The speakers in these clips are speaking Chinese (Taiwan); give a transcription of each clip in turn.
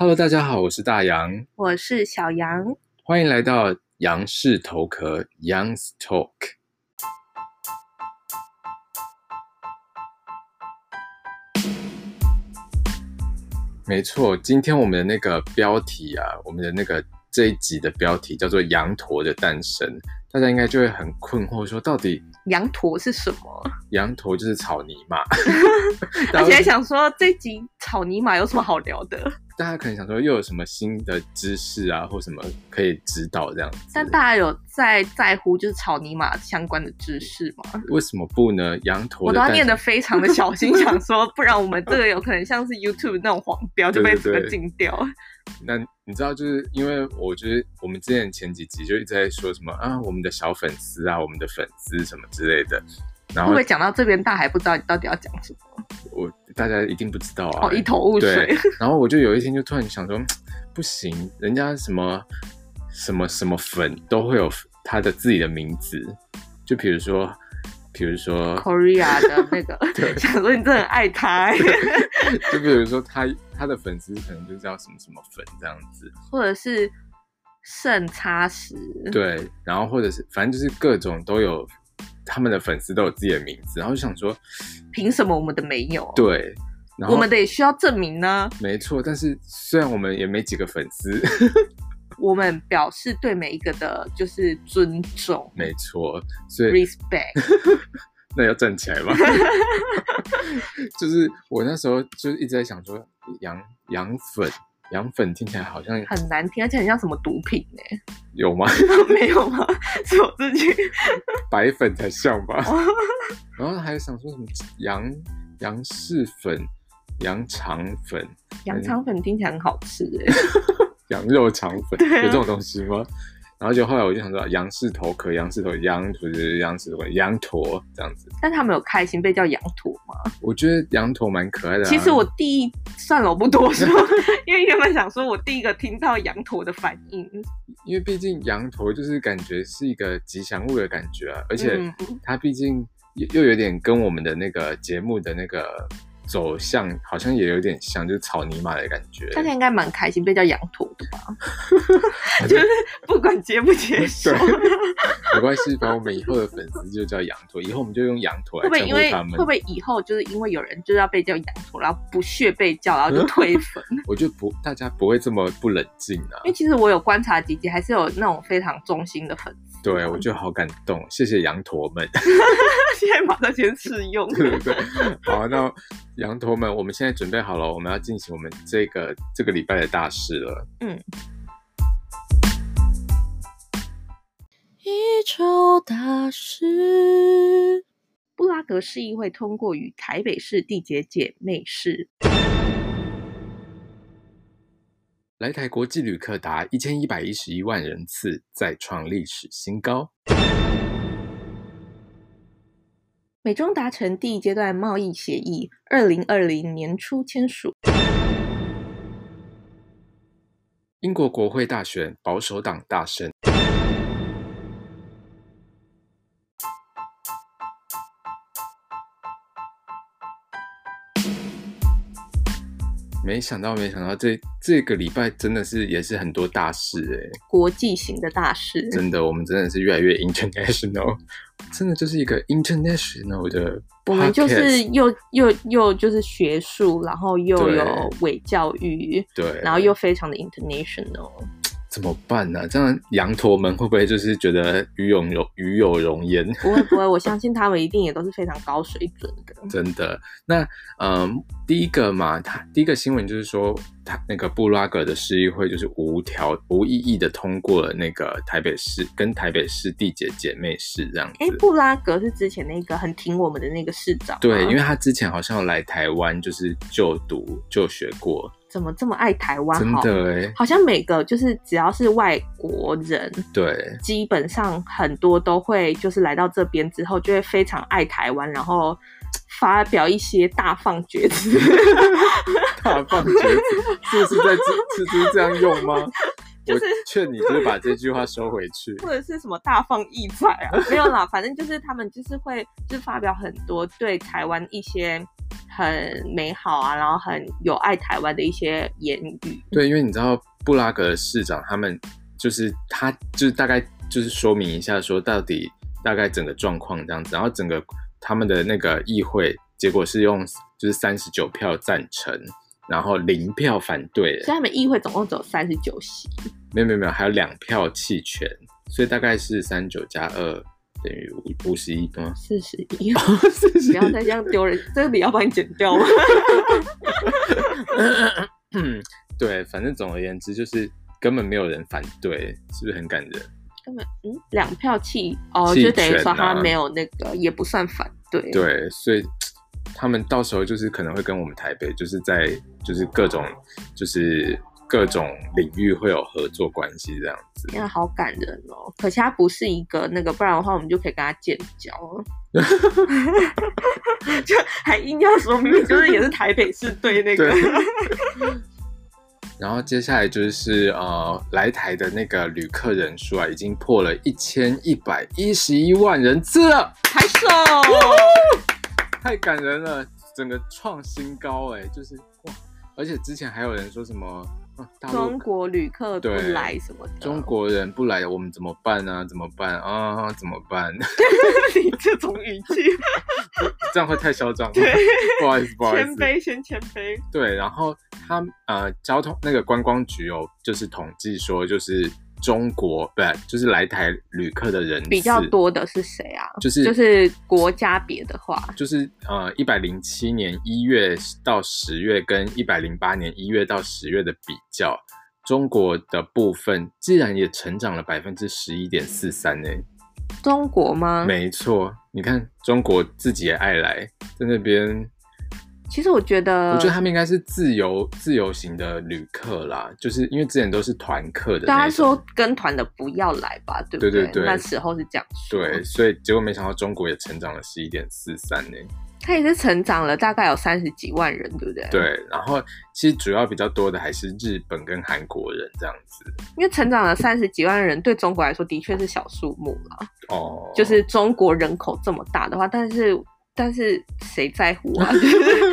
Hello，大家好，我是大楊，我是小楊，歡迎來到楊氏頭殼 Young's Talk。沒錯，今天我們的那個標題啊，我們的那個這一集的標題叫做《楊駝的誕生》，大家應該就會很困惑，說到底羊駝是什麼？羊駝就是草泥馬。 而且還想說，這 集草泥馬有什麼好聊的？大家可能想說，又有什麼新的知識啊，或什麼可以指導這樣。但大家有在在乎就是草泥馬相關的知識嗎？為什麼不呢？羊駝我都要念得非常的小心， 想說不然我們這個有可能像是 YouTube 那種黃標就被整個禁掉，對對對。那你知道，就是因為我覺得我們之前前幾集就一直在說什麼啊，我們的小粉絲啊，我們的粉絲什麼之類的。然後會不會講到這邊，大家還不知道你到底要講什麼？我大家一定不知道啊，哦、一頭霧水。然後我就有一天就突然想說，不行，人家什麼什麼什麼粉都會有他的自己的名字，就比如說，比如說 Korea 的那個 對，想說你真的很愛他、欸。 就比如說他他的粉絲可能就叫什麼什麼粉這樣子，或者是聖插石。對，然後或者是反正就是各種都有。他們的粉絲都有自己的名字，然後就想說，憑什麼我們的沒有？對，我們得需要證明呢、啊。沒錯，但是雖然我們也沒幾個粉絲， 我們表示對每一個的就是尊重。沒錯，所以 respect， 那要站起來吧， 就是我那時候就一直在想說羊，羊羊粉。羊粉聽起來好像很難聽，而且很像什麼毒品呢？有嗎？ 沒有嗎？是我自己。白粉才像吧。 然後還想說什麼羊羊式粉、羊腸粉？羊腸粉聽起來很好吃哎。 羊肉腸粉有這種東西嗎？ 然後就後來我就想說，啊、羊是頭可羊是頭羊就是羊是頭羊駝這樣子，但他們有開心被叫羊駝嗎？我覺得羊駝蠻可愛的、啊。其實我第一算了，我不多說， 因為原本想說我第一個聽到羊駝的反應，因為畢竟羊駝就是感覺是一個吉祥物的感覺、啊，而且它畢竟又又有點跟我們的那個節目的那個。走向好像也有點像，就是草泥馬的感覺。大家應該蠻開心，被叫羊駝的吧， 就是不管接不接受， 沒關係。反正我們以後的粉絲就叫羊駝，以後我們就用羊駝來稱呼他們。會不會因為。會不會以後就是因為有人就是要被叫羊駝，然後不屑被叫，然後就退粉？ 我覺得不，大家不會這麼不冷靜的，啊。因為其實我有觀察幾集還是有那種非常忠心的粉。對，我就好感動，嗯，謝謝羊駝們。 現在馬上先試用 對。對對好，啊，那羊駝們，我們現在準備好了，我們要進行我們這個這個禮拜的大事了。嗯。一週大事。布拉格市議會通過與台北市締結姐，姐，姐妹市。來台國際旅客達一千一百一十一萬人次，再創歷史新高。美中達成第一階段貿易協議，二零二零年初簽署。英國國會大選，保守黨大勝。沒想到，沒想到，這這個禮拜真的是也是很多大事哎，國際型的大事，真的，我們真的是越來越 international，真的就是一個 international 的，我們就是又又又就是學術，然後又有偽教育，對，對，然後又非常的 international。怎麼辦呢、啊？這樣羊駝們會不會就是覺得與有榮與有榮焉？不會不會，我相信他們一定也都是非常高水準的， 真的。那嗯，第一個嘛，它第一個新聞就是說。那個布拉格的市議會就是無條無異議的通過了那個台北市跟台北市締結姐妹市這樣子。哎、欸，布拉格是之前那個很挺我們的那個市長。對，因為他之前好像來台灣就是就讀就學過。怎麼這麼愛台灣？真的，好像每個就是只要是外國人，對，基本上很多都會就是來到這邊之後就會非常愛台灣，然後。發表一些大放厥詞， 大放厥詞，就是，是在這就是，是這樣用嗎？就是勸你，就是把這句話收回去，或者是什麼大放異彩啊？ 沒有啦，反正就是他們就是會就發表很多對台灣一些很美好啊，然後很有愛台灣的一些言語。對，因為你知道布拉格市長他們就是他，就是大概就是說明一下說到底大概整個狀況這樣子，然後整個。他們的那個議會結果是用就是三十九票贊成，然後零票反對，所以他們議會總共只有三十九席。沒有沒有沒有，還有兩票棄權，所以大概是三十九加二等於五五十一嗎？四十一，四十一， 不要再這樣丟人， 這個禮要幫你剪掉嗎？ 嗯，對，反正總而言之就是根本沒有人反對，是不是很感人？嗯，兩票棄哦、棄權啊，就等於說他沒有那個，也不算反對。對，所以他們到時候就是可能會跟我們台北，就是在就是各種就是各種領域會有合作關係這樣子。哎、天啊，好感人哦！可惜他不是一個那個，不然的話我們就可以跟他建交了。 就還硬要說，明明就是也是台北市對那個。然後接下來就是呃，來台的那個旅客人數啊，已經破了一千一百一十一萬人次了，拍手，太感人了，整個創新高哎、欸，就是哇，而且之前還有人說什麼。啊、中國旅客不來，什麼中國人不來，我們怎麼辦啊？怎麼辦啊？怎麼辦、啊？怎麼辦啊、 你這種語氣， 這樣會太囂張了。不好意思，不好意思。謙卑，先謙卑。對，然後他呃，交通那個觀光局哦，就是統計說，就是。中國不就是來台旅客的人比較多的是誰啊？就是就是國家別的話，就是呃，一百零七年一月到十月跟一百零八年一月到十月的比較，中國的部分竟然也成長了百分之十一點四三呢。中國嗎？沒錯，你看中國自己也愛來，在那邊。其實我覺得，我覺得他們應該是自由自由行的旅客啦，就是因為之前都是團客的。大家說，跟團的不要來吧，對不對？對對對，那時候是這樣說。對，所以結果沒想到中國也成長了十一點四三年，他也是成長了大概有三十幾萬人，對不對？對，然後其實主要比較多的還是日本跟韓國人這樣子。因為成長了三十幾萬人，對中國來說的確是小數目了。哦。就是中國人口這麼大的話，但是。但是誰在乎啊？就是，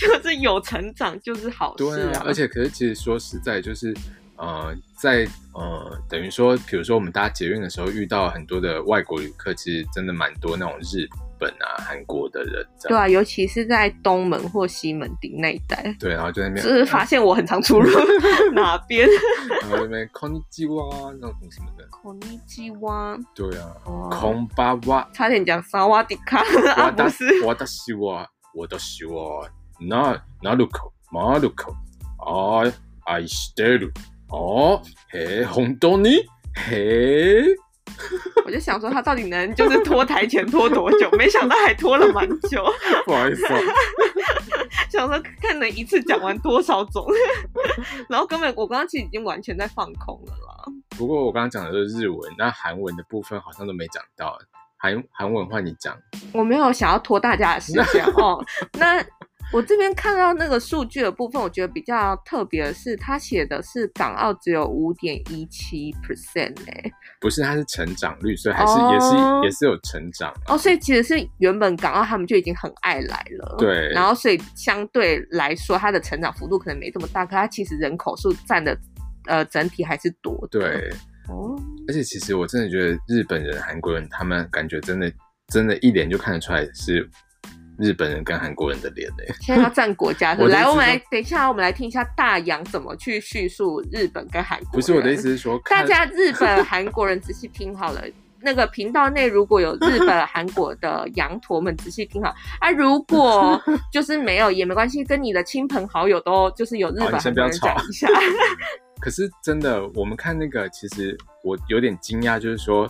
就是有成長就是好事啊。對，而且，可是其實說實在，就是呃，在呃，等於說，比如說我們搭捷運的時候，遇到很多的外國旅客，其實真的蠻多那種日。本啊，韓國的人對啊，尤其是在東門或西門町那一帶，對，然後就在那邊是發現我很常出入、啊、哪邊，那邊康尼基哇那種什麼的康尼基哇對啊康巴哇。差點講薩瓦迪卡。d i k 我倒是我，我倒是我，那那路口馬路口，愛愛西德路，哦嘿，紅豆泥嘿。 我就想說他到底能就是拖台前拖多久， 沒想到還拖了蠻久。不好意思啊， 想說看能一次講完多少種， 然後根本我剛剛其實已經完全在放空了啦。不過我剛剛講的是日文，那韓文的部分好像都沒講到。韓韓文換你講，我沒有想要拖大家的時間 哦。那我這邊看到那個數據的部分，我覺得比較特別的是，他寫的是港澳只有五點一七 percent 不是，他是成長率，所以還是、哦、也是也是有成長、啊、哦，所以其實是原本港澳他們就已經很愛來了，對，然後所以相對來說，他的成長幅度可能沒這麼大，可他其實人口數占的呃整體還是多的，對，哦，而且其實我真的覺得日本人、韓國人他們感覺真的真的一眼就看得出來是。日本人跟韓國人的臉呢，現在要佔國家是不是？ 我來，我們來，等一下，我們來聽一下大洋怎麼去敘述日本跟韓國。不是，我的意思是說，大家日本韓國人仔細聽好了， 那個頻道內如果有日本韓國的羊駝們仔細聽好啊，如果就是沒有也沒關係，跟你的親朋好友都就是有日本。 先不要吵。 可是真的，我們看那個，其實我有點驚訝，就是說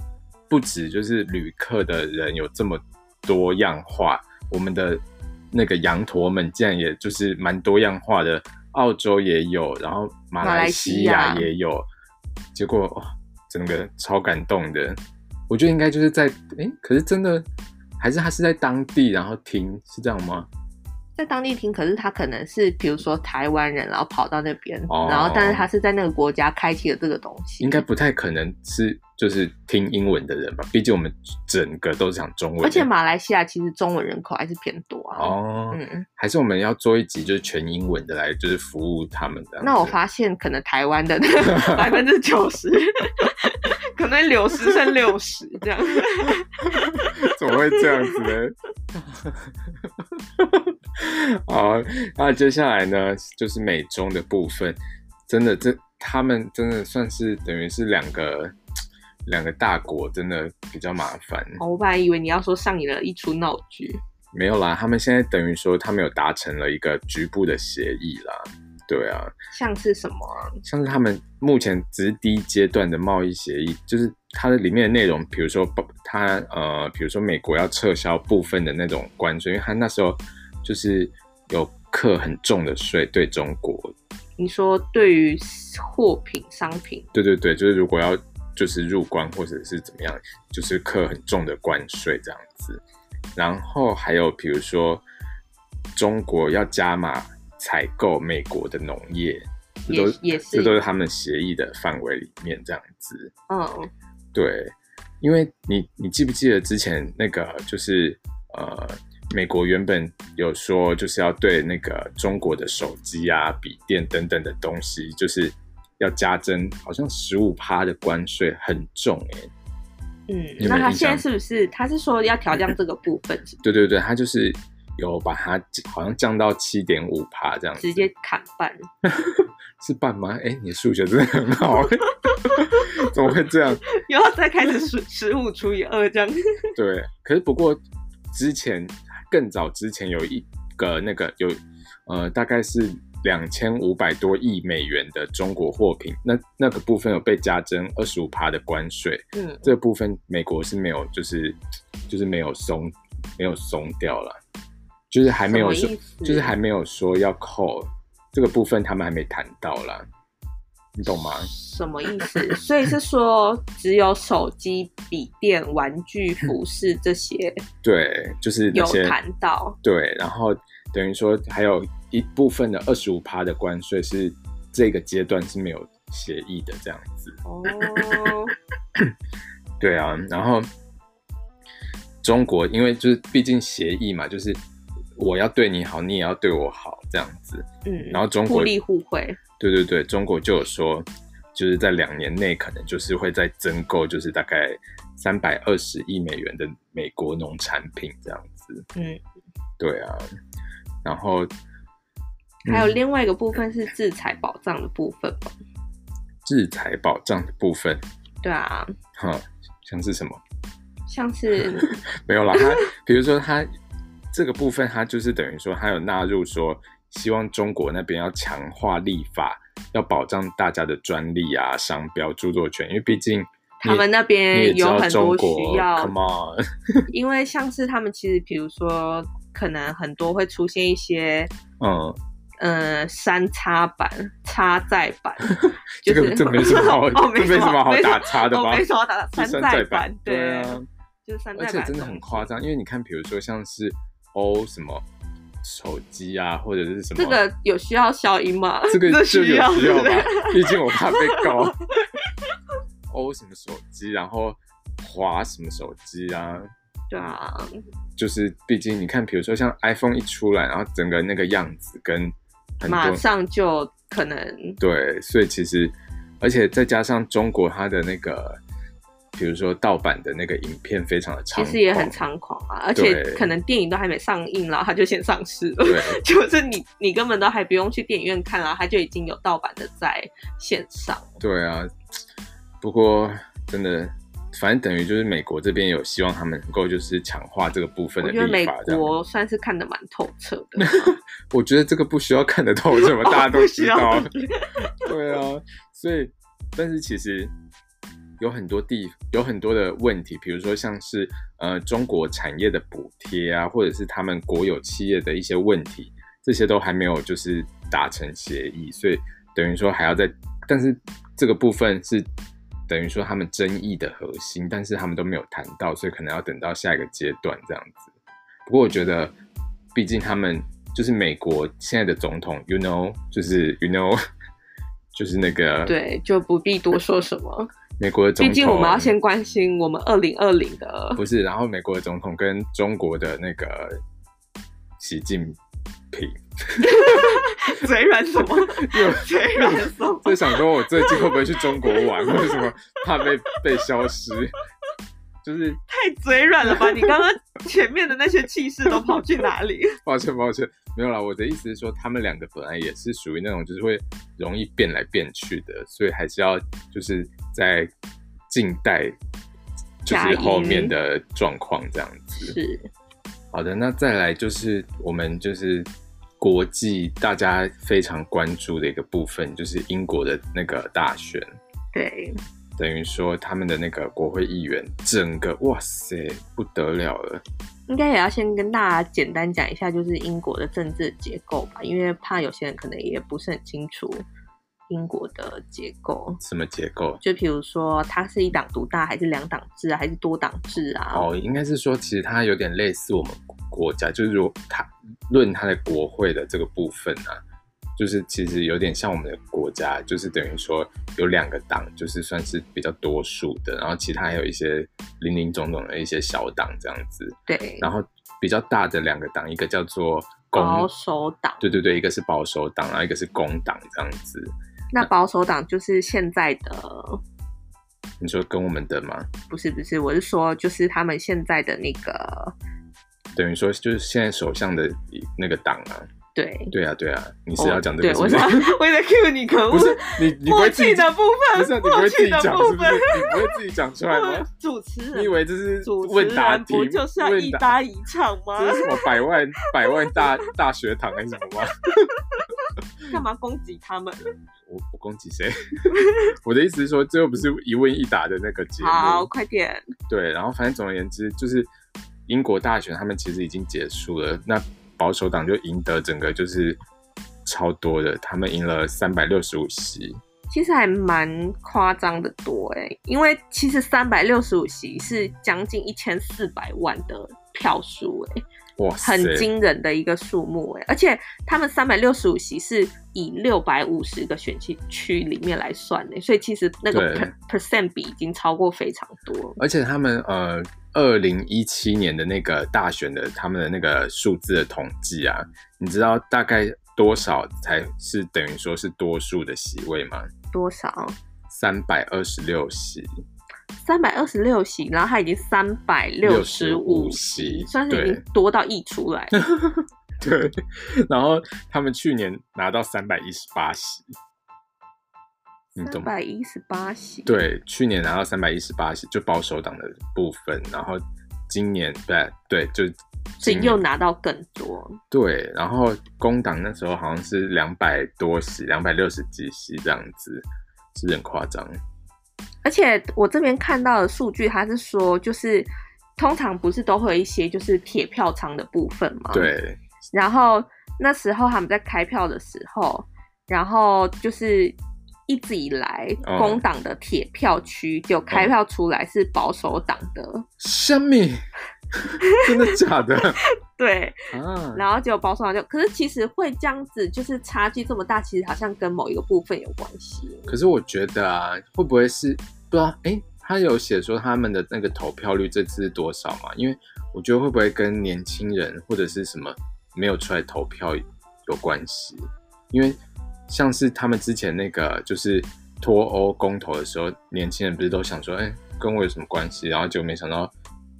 不止就是旅客的人有這麼多樣化。我們的那個羊駝們竟然也就是蠻多樣化的，澳洲也有，然後馬來西亞也有，結果、哦、整個超感動的。我覺得應該就是在哎，可是真的還是他是在當地然後聽是這樣嗎？在當地聽，可是他可能是比如說台灣人，然後跑到那邊、哦，然後但是他是在那個國家開啟了這個東西，應該不太可能是。就是聽英文的人吧，畢竟我們整個都是講中文的，而且馬來西亞其實中文人口還是偏多啊。哦，嗯，還是我們要做一集就是全英文的來，就是服務他們的。那我發現可能台灣的百分之九十，可能六十成六十這樣子。 怎麼會這樣子呢？ 好，那接下來呢，就是美中的部分，真的，這他們真的算是等於是兩個。兩個大國真的比較麻煩。哦，我本來以為你要說上演了一出鬧劇。沒有啦，他們現在等於說他們有達成了一個局部的協議啦。對啊，像是什麼啊？像是他們目前只是第一階段的貿易協議，就是它的裡面的內容，比如說它呃，比如說美國要撤銷部分的那種關稅，因為它那時候就是有課很重的稅對中國。你說對於貨品、商品？對對對，就是如果要。就是入關或者是怎麼樣，就是課很重的關稅這樣子。然後還有比如說，中國要加碼採購美國的農業，這都也是這都是他們協議的範圍裡面這樣子。嗯、哦，對，因為你你記不記得之前那個就是呃，美國原本有說就是要對那個中國的手機啊、筆電等等的東西，就是。要加徵，好像十五趴的關稅很重哎、欸。嗯，有有，那他現在是不是？他是說要調降這個部分是是？ 對對對，他就是有把它好像降到七點五趴這樣，直接砍半。 是半嗎？哎、欸，你數學真的很好，欸， 怎麼會這樣？又要再開始十十五除以二這樣？對，可是不過之前更早之前有一個那個有呃大概是。兩千五百多億美元的中國貨品，那那個部分有被加徵二十五趴的關稅。嗯，這個部分美國是沒有，就是就是沒有鬆，沒有鬆掉了，就是還沒有說，就是還沒有說要扣這個部分，他們還沒談到啦，你懂嗎？什麼意思？所以是說只有手機、 筆電、玩具、服飾這些，對，就是有談到，對，然後等於說還有。一部分的二十五趴的關稅是這個階段是沒有協議的這樣子哦、oh. 對啊，然後中國因為就是畢竟協議嘛，就是我要對你好，你也要對我好這樣子，嗯，然後中國互利互惠，對對對，中國就有說就是在兩年內可能就是會再增購，就是大概三百二十億美元的美國農產品這樣子，嗯，對啊，然後。還有另外一個部分是制裁保障的部分，嗯、制裁保障的部分，對啊，好，像是什麼？像是 沒有啦。他比如說他，他 這個部分，他就是等於說，他有納入說，希望中國那邊要強化立法，要保障大家的專利啊、商標、著作權，因為畢竟他們那邊有很多需要。Come on 因為像是他們其實，比如說，可能很多會出現一些嗯。嗯、呃，三叉版、插在版，就是、 這個這沒什麼好、 哦，沒這沒什麼好打叉的吧？沒什麼好打叉的山寨版，對、啊，就是三叉版。而且真的很誇張，因為你看，比如說像是 O、哦、什麼手機啊，或者是什麼，這個有需要消音嗎？這個就有需要吧？畢竟我怕被告。O、 哦、什麼手機，然後滑什麼手機啊？對啊，就是畢竟你看，比如說像 iPhone 一出來，然後整個那個樣子跟。馬上就可能對，所以其實，而且再加上中國它的那個，比如說盜版的那個影片非常的猖狂，其實也很猖狂啊。而且可能電影都還沒上映，然後它就先上市了。對， 就是你你根本都還不用去電影院看啊，然後它就已經有盜版的在線上。對啊，不過真的。反正等於就是美國這邊有希望他們能夠就是強化這個部分的立法，我覺得美國算是看得蠻透徹的。 我覺得這個不需要看得透，這麼、哦、大家都知道。 對啊，所以但是其實有很多地有很多的問題，比如說像是呃中國產業的補貼啊，或者是他們國有企業的一些問題，這些都還沒有就是達成協議，所以等於說還要再，但是這個部分是。等於說他們，爭議的核心，但是他們都沒有談到，所以可能要等到下一個階段這樣子。不過我覺得，畢竟他們就是美國現在的總統，you know，就是 you know，就是那個，對，就不必多說什麼美國的總。畢竟我們要先關心我們二零二零的，不是？然後美國的總統跟中國的那個習近屁 嘴軟什麼？有 嘴軟，所 以想說，我最近會不會去中國玩？為什麼怕被被消失？就是太嘴軟了吧？ 你剛剛前面的那些氣勢都跑去哪裡？抱歉，抱歉，抱歉，沒有啦，我的意思是說，他們兩個本來也是屬於那種，就是會容易變來變去的，所以還是要就是在靜待，就是後面的狀況這樣子。是。好的，那再來就是我們就是國際大家非常關注的一個部分，就是英國的那個大選。對，等於說他們的那個國會議員，整個哇塞，不得了了。應該也要先跟大家簡單講一下，就是英國的政治結構吧，因為怕有些人可能也不是很清楚。英國的結構？什麼結構？就譬如說，它是一黨獨大，還是兩黨制啊，還是多黨制啊？哦，應該是說，其實它有點類似我們國家，就是說，它論它的國會的這個部分啊，就是其實有點像我們的國家，就是等於說有兩個黨，就是算是比較多數的，然後其他還有一些零零總總的一些小黨這樣子。對。然後比較大的兩個黨，一個叫做公保守黨，對對對，一個是保守黨，然後一個是工黨這樣子。那保守黨就是現在的？你說跟我們的嗎？不是不是，我是說就是他們現在的那個，等於說就是現在首相的那個黨啊。對對啊對啊，你是要講這個、哦對？我在，我在 Q 你。可你，不是你，你不會自己的部分，不是你不會自己講，部分，你不會自己講出來嗎？ 主持人，你以為這是問答題，就像一答一唱嗎？這是什麼百萬百萬大大學堂還什麼嗎？幹 嘛攻擊他們？嗯、我我攻擊誰？ 我的意思是說，最後不是一問一答的那個節目？好，快點。對，然後反正總而言之，就是英國大選，他們其實已經結束了。那。保守黨就贏得整個就是超多的，他們贏了三百六十五席，其實還蠻誇張的多哎、欸，因為其實三百六十五席是將近一千四百萬的票數哎、欸，哇，很驚人的一個數目哎、欸，而且他們三百六十五席是以六百五十個選區區裡面來算的、欸，所以其實那個 per percent 比已經超過非常多，而且他們呃。二零一七年的那個大選的他們的那個數字的統計啊，你知道大概多少才是等於說是多數的席位嗎？多少？三百二十六席，三百二十六席，然後他已經三百六十五席，算是已經多到溢出來 對，然後他們去年拿到三百一十八席。三百一十八席，對，去年拿到三百一十八席，就保守黨的部分，然後今年對對，就，所以又拿到更多，對，然後工黨那時候好像是兩百多席，兩百六十幾席這樣子，是，是很誇張。而且我這邊看到的數據，他是說，就是通常不是都會有一些就是鐵票倉的部分嘛。對，然後那時候他們在開票的時候，然後就是。一直以來，工黨的鐵票區就開票出來是保守黨的。哦哦，真的假的？ 對，嗯、啊，然後結果，保守黨就，可是其實會這樣子，就是差距這麼大，其實好像跟某一個部分有關係。可是我覺得啊，會不會是不知道？哎，他有寫說他們的那個投票率，這次是多少嘛？因為我覺得會不會跟年輕人或者是什麼沒有出來投票有關係？因為。像是他們之前那個就是脫歐公投的時候，年輕人不是都想說，欸，跟我有什麼關係？然後就沒想到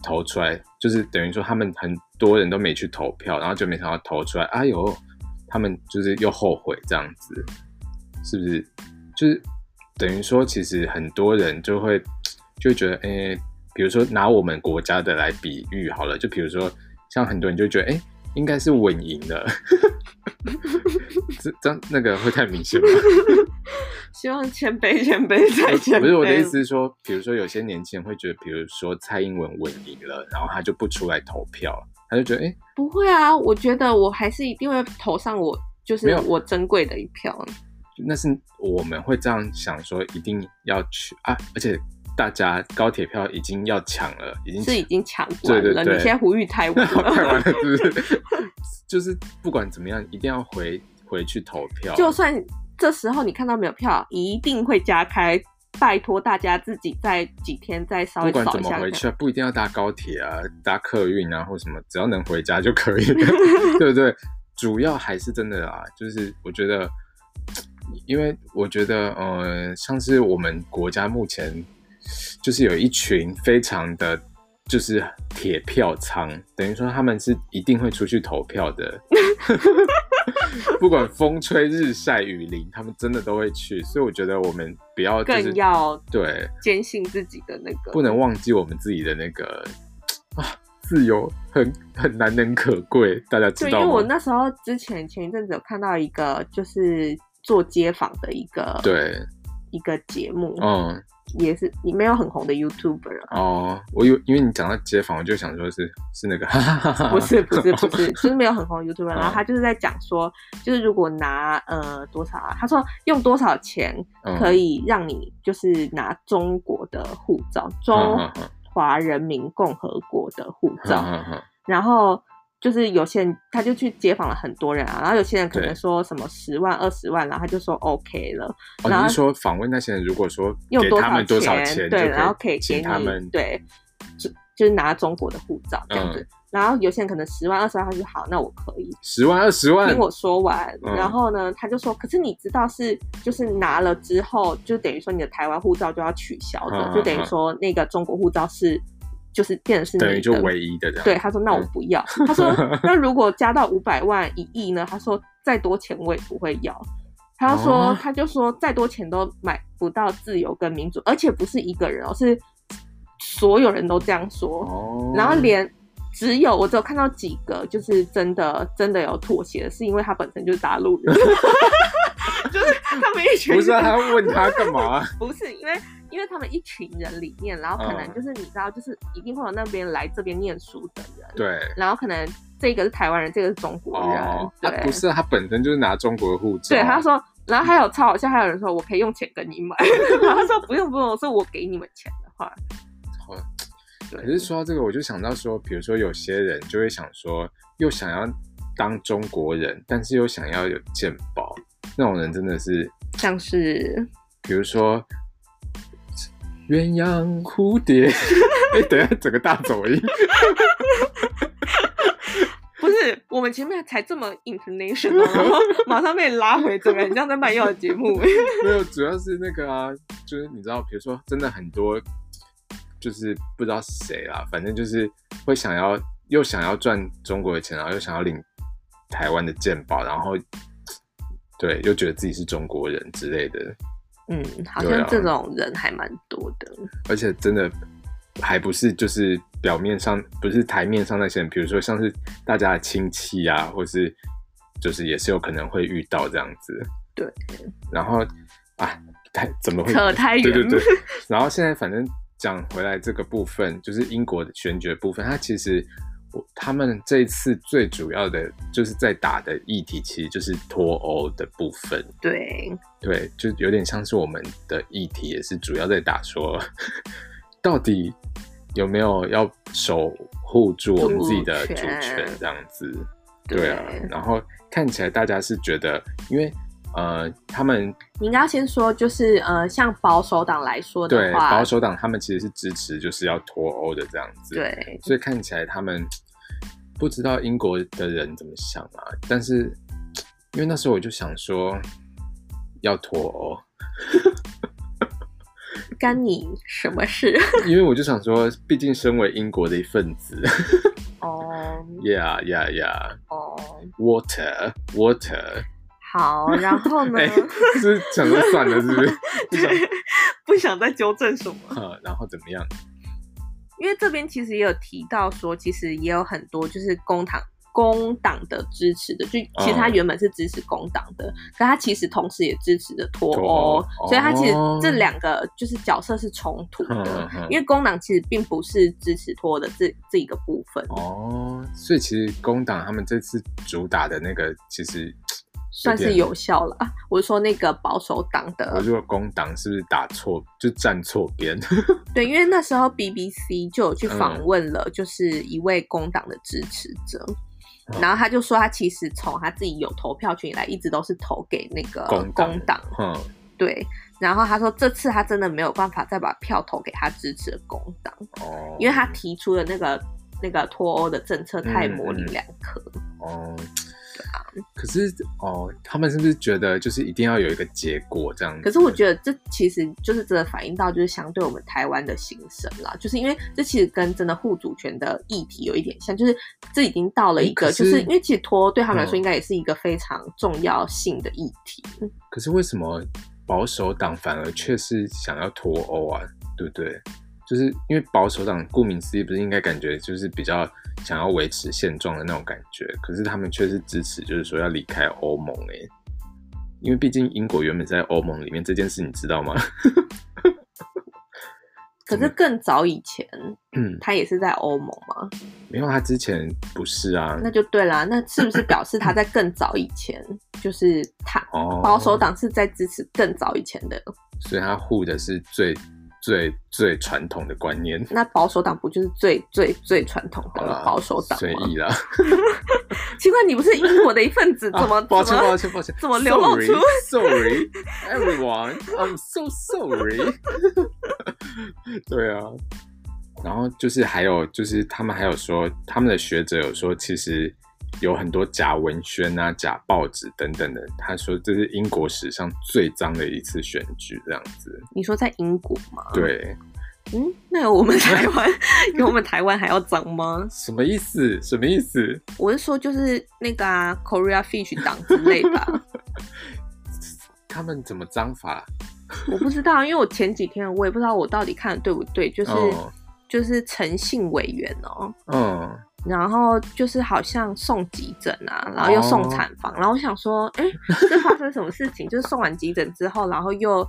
投出來，就是等於說他們很多人都沒去投票，然後就沒想到投出來，哎呦，他們就是又後悔這樣子，是不是？就是等於說，其實很多人就會就覺得，欸，比如說拿我們國家的來比喻好了，就比如說像很多人就覺得，欸。應該是穩贏了，這這那個會太明顯嗎？ 希望謙卑謙卑再謙卑。不是，我的意思是說，比如說有些年輕人會覺得，比如說蔡英文穩贏了，然後他就不出來投票，他就覺得哎、欸，不會啊，我覺得我還是一定會投上我就是我珍貴的一票。那是我們會這樣想說，一定要去啊，而且。大家高鐵票已經要搶了，已經搶是已經搶完了。對對對，你現在呼籲台灣了，太 晚了是不是，就 是就是不管怎麼樣，一定要回回去投票。就算這時候你看到沒有票，一定會加開。拜托大家自己在幾天再稍微一下。不管怎麼回去、啊、不一定要搭高鐵啊，搭客運啊，或什麼，只要能回家就可以， 對不對？主要還是真的啊，就是我覺得，因為我覺得，嗯、呃，像是我們國家目前。就是有一群非常的，就是鐵票倉，等於說他們是一定會出去投票的， 不管風吹日曬雨淋，他們真的都會去。所以我覺得我們不要、就是、更要對堅信自己的那個，不能忘記我們自己的那個啊，自由很很難能可貴，大家知道。對，因為我那時候之前前一陣子有看到一個就是做街訪的一個對一個節目，嗯。也是，也沒有很紅的 YouTuber。哦，我以為，因為你講到街訪，我就想說是是那個，不是不是不是，不是，不是，就是沒有很紅的 YouTuber。 然後他就是在講說，就是如果拿呃多少啊，他說用多少錢可以讓你就是拿中國的護照，嗯、中華人民共和國的護照、嗯嗯，然後。就是有些人，他就去街訪了很多人啊，然後有些人可能說什麼十萬、二十萬，然後他就說 OK 了。哦，你、就是、說訪問那些人，如果說給他們多少錢，用多少錢對，然後可以給你他們，對，就就是拿中國的護照這樣子、嗯。然後有些人可能十萬、二十萬他就好，那我可以十萬、二十萬。聽我說完，然後呢，他就說、嗯，可是你知道是，就是拿了之後，就等於說你的台灣護照就要取消了，啊啊啊就等於說那個中國護照是。就是變成是一，就唯一的。對，他說那我不要。 他說那如果加到五百萬一億呢？他說再多錢我也不會要。他說、哦、他就說再多錢都買不到自由跟民主，而且不是一個人哦、喔，是所有人都這樣說。哦、然後連只有我只有看到幾個就是真的真的有妥協的，是因為他本身就是大陸人， 就是他們一群人。不是他問他幹嘛、啊？ 不是因為。因為他們一群人裡面，然後可能就是你知道，就是一定會有那邊來這邊念書的人、嗯。對。然後可能這個是台灣人，這個是中國人。哦。他、啊、不是，他本身就是拿中國的護照。對，他說。然後還有超好笑，嗯、還有人說：“我可以用錢跟你買。 ”然後他說：“不用不用，我說我給你們錢的話。”好。對。可是說到這個，我就想到說，比如說有些人就會想說，又想要當中國人，但是又想要有健保那種人，真的是像是比如說。鴛鴦蝴蝶， 哎、欸，等下，整個大走音， 不是我們前面才這麼 intonation，然後馬上被你拉回，整個人像在賣藥的節目。 沒有，主要是那個啊，就是你知道，比如說，真的很多，就是不知道是誰啦，反正就是會想要，又想要賺中國的錢，然後又想要領台灣的健保，然後對，又覺得自己是中國人之類的。嗯，好像這種人還蠻多的。啊，而且真的還不是就是表面上不是台面上那些人，比如說像是大家的親戚啊，或是就是也是有可能會遇到這樣子。對，然後啊，太怎麼會扯太遠？對對對。然後現在反正講回來這個部分，就是英國的選舉的部分，它其實。他們這次最主要的就是在打的議題，其實就是脫歐的部分。對，對，就有點像是我們的議題，也是主要在打說，到底有沒有要守護住我們自己的主權這樣子？對啊，然後看起來大家是覺得，因為。呃，他們，你應該要先說，就是呃，像保守黨來說的話，對，保守黨他們其實是支持就是要脫歐的這樣子，對，所以看起來他們不知道英國的人怎麼想啊。但是因為那時候我就想說要脫歐，干 你什麼事？因為我就想說，畢竟身為英國的一份子，哦、 um,，Yeah，Yeah，Yeah，哦 yeah.、Um,，Water，Water。好，然後呢？是想了算了，是不是，想是，不是？ 對，不想再糾正什麼、嗯。然後怎麼樣？因為這邊其實也有提到說，其實也有很多就是工黨、工黨的支持的，就其實他原本是支持工黨的，oh. 但他其實同時也支持著脫歐，oh. Oh. 所以他其實這兩個就是角色是衝突的。Oh. 因為工黨其實並不是支持脫的這這一個部分。哦、oh.，所以其實工黨他們這次主打的那個其實。算是有效了，啊。我就說那個保守黨的，我就說工黨是不是打錯就站錯邊？ 對，因為那時候 BBC 就有去訪問了，就是一位工黨的支持者、嗯，然後他就說他其實從他自己有投票權以來，一直都是投給那個工黨，工黨。嗯，對。然後他說這次他真的沒有辦法再把票投給他支持的工黨，嗯，因為他提出的那個那個脫歐的政策太模稜兩可。哦、嗯。嗯嗯嗯。嗯、可是哦，他們是不是覺得就是一定要有一個結果這樣子？可是我覺得這其實就是真的反映到就是，相對我們台灣的心聲啦，就是因為這其實跟真的護主權的議題有一點像，就是這已經到了一個，就是,、嗯、是因為其實脫歐對他們來說應該也是一個非常重要性的議題、嗯。可是為什麼保守黨反而卻是想要脫歐啊？對不對？就是因為保守黨，顧名思義，不是應該感覺就是比較想要維持現狀的那種感覺？可是他們卻是支持，就是說要離開歐盟誒、欸，因為畢竟英國原本在歐盟裡面這件事，你知道嗎？ 可是更早以前，嗯，他也是在歐盟嗎？沒有，他之前不是啊。那就對啦，那是不是表示他在更早以前， 就是他哦，保守黨是在支持更早以前的，所以他護的是最。最最傳統的觀念，那保守黨不就是最最最傳統的保守黨隨意啦。啦 奇怪，你不是英國的一份子，怎麼抱歉抱歉抱歉，怎麼流露出？Sorry,Sorry, everyone, I'm so sorry。 對啊，然後就是還有就是他們還有說，他們的學者有說，其實。有很多假文宣啊、假報紙等等的。他說這是英國史上最髒的一次選舉，這樣子。你說在英國嗎？對。嗯，那我們台灣比 我們台灣還要髒嗎？什麼意思？什麼意思？我是說，就是那個啊，Korea Fish 黨之類的。 他們怎麼髒法？我不知道，因為我前幾天我也不知道我到底看的對不對，就是、oh. 就是誠信委員哦、喔。嗯、oh.。然後就是好像送急診啊，然後又送產房，oh. 然後我想說，哎、欸，這發生什麼事情？ 就是送完急診之後，然後又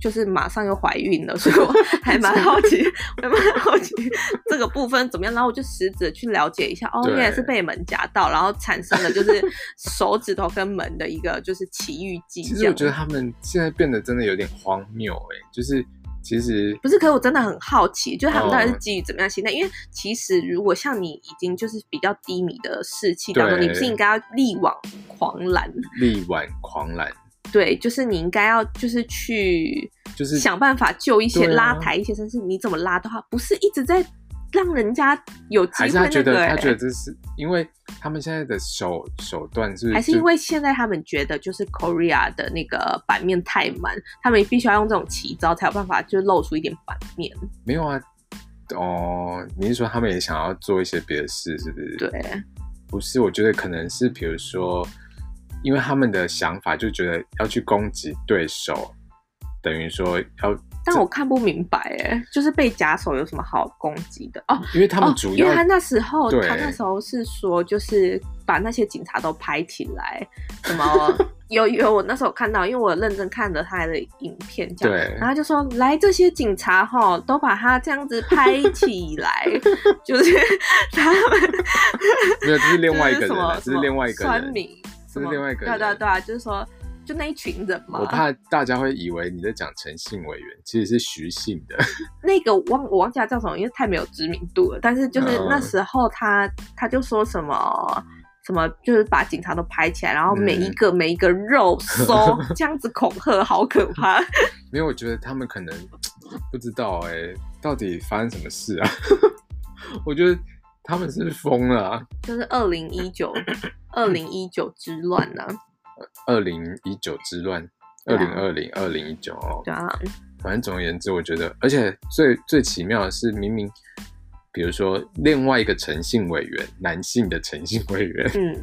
就是馬上又懷孕了，所以我還蠻好奇，我 蠻好奇這個部分怎麼樣。然後我就試著去了解一下，哦，原來是被門夾到，然後產生了就是手指頭跟門的一個就是奇遇記。其實我覺得他們現在變得真的有點荒謬、欸，哎，就是。其實不是，可是我真的很好奇，就是他們到底是基於怎麼樣心態、哦？因為其實如果像你已經就是比較低迷的士氣當中，你不是應該要力挽狂瀾？力挽狂瀾，對，就是你應該要就是去就是想辦法救一些、就是啊、拉抬一些，甚至你怎麼拉的話，不是一直在。讓人家有機會，還是他覺得、那個欸、他覺得這是因為他們現在的手手段是，不是還是因為現在他們覺得就是 Korea 的那個版面太滿，嗯，他們必須要用這種奇招才有辦法就露出一點版面。沒有啊，哦，你是說他們也想要做一些別的事，是不是？對，不是，我覺得可能是比如說，因為他們的想法就覺得要去攻擊對手，等於說要。但我看不明白哎，就是被假手有什麼好攻擊的哦？因為他們主要，哦、因為他那時候，他那時候是說，就是把那些警察都拍起來，什麼有有我那時候看到，因為我認真看了他的影片這樣子，對，然後就說來這些警察哈，都把他這樣子拍起來， 就是他們不是， 這是另外一個人，就是、什麼這是另外一個人，什麼什麼這是另外一個人，對對啊，就是說。就那一群人嘛，我怕大家會以為你在講誠信委員，其實是徐姓的。那個我忘我忘記他叫什麼，因為太沒有知名度了。但是就是那時候他、嗯、他就說什麼什麼，就是把警察都拍起來，然後每一個、嗯、每一個肉搜，這樣子恐嚇，好可怕。 因為我覺得他們可能不知道哎、欸，到底發生什麼事啊？ 我覺得他們是瘋了、啊，就是二零一九二零一九之亂呢、啊。二零一九之亂，二零二零，二零一九哦，對啊，反正總而言之，我覺得，而且最最奇妙的是，明明，比如說另外一個誠信委員，男性的誠信委員，嗯，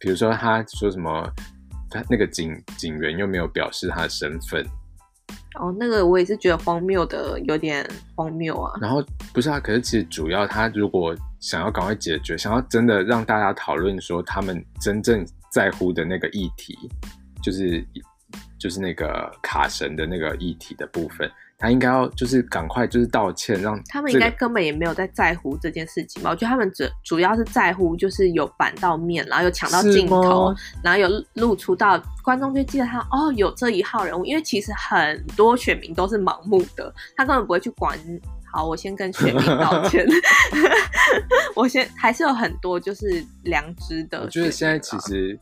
比如說他說什麼，他那個警警員又沒有表示他的身份，哦，那個我也是覺得荒謬的，有點荒謬啊。然後不是啊，可是其實主要他如果想要趕快解決，想要真的讓大家討論說他們真正。在乎的那個議題，就是就是那個卡神的那個議題的部分，他應該要就是趕快就是道歉，讓、這個、他們應該根本也沒有在在乎這件事情吧？我覺得他們主主要是在乎就是有板到面，然後有搶到鏡頭，然後有露出到觀眾就記得他哦，有這一號人物，因為其實很多選民都是盲目的，他根本不會去管。好，我先跟選民道歉。 我先還是有很多就是良知的，我覺得現在其實，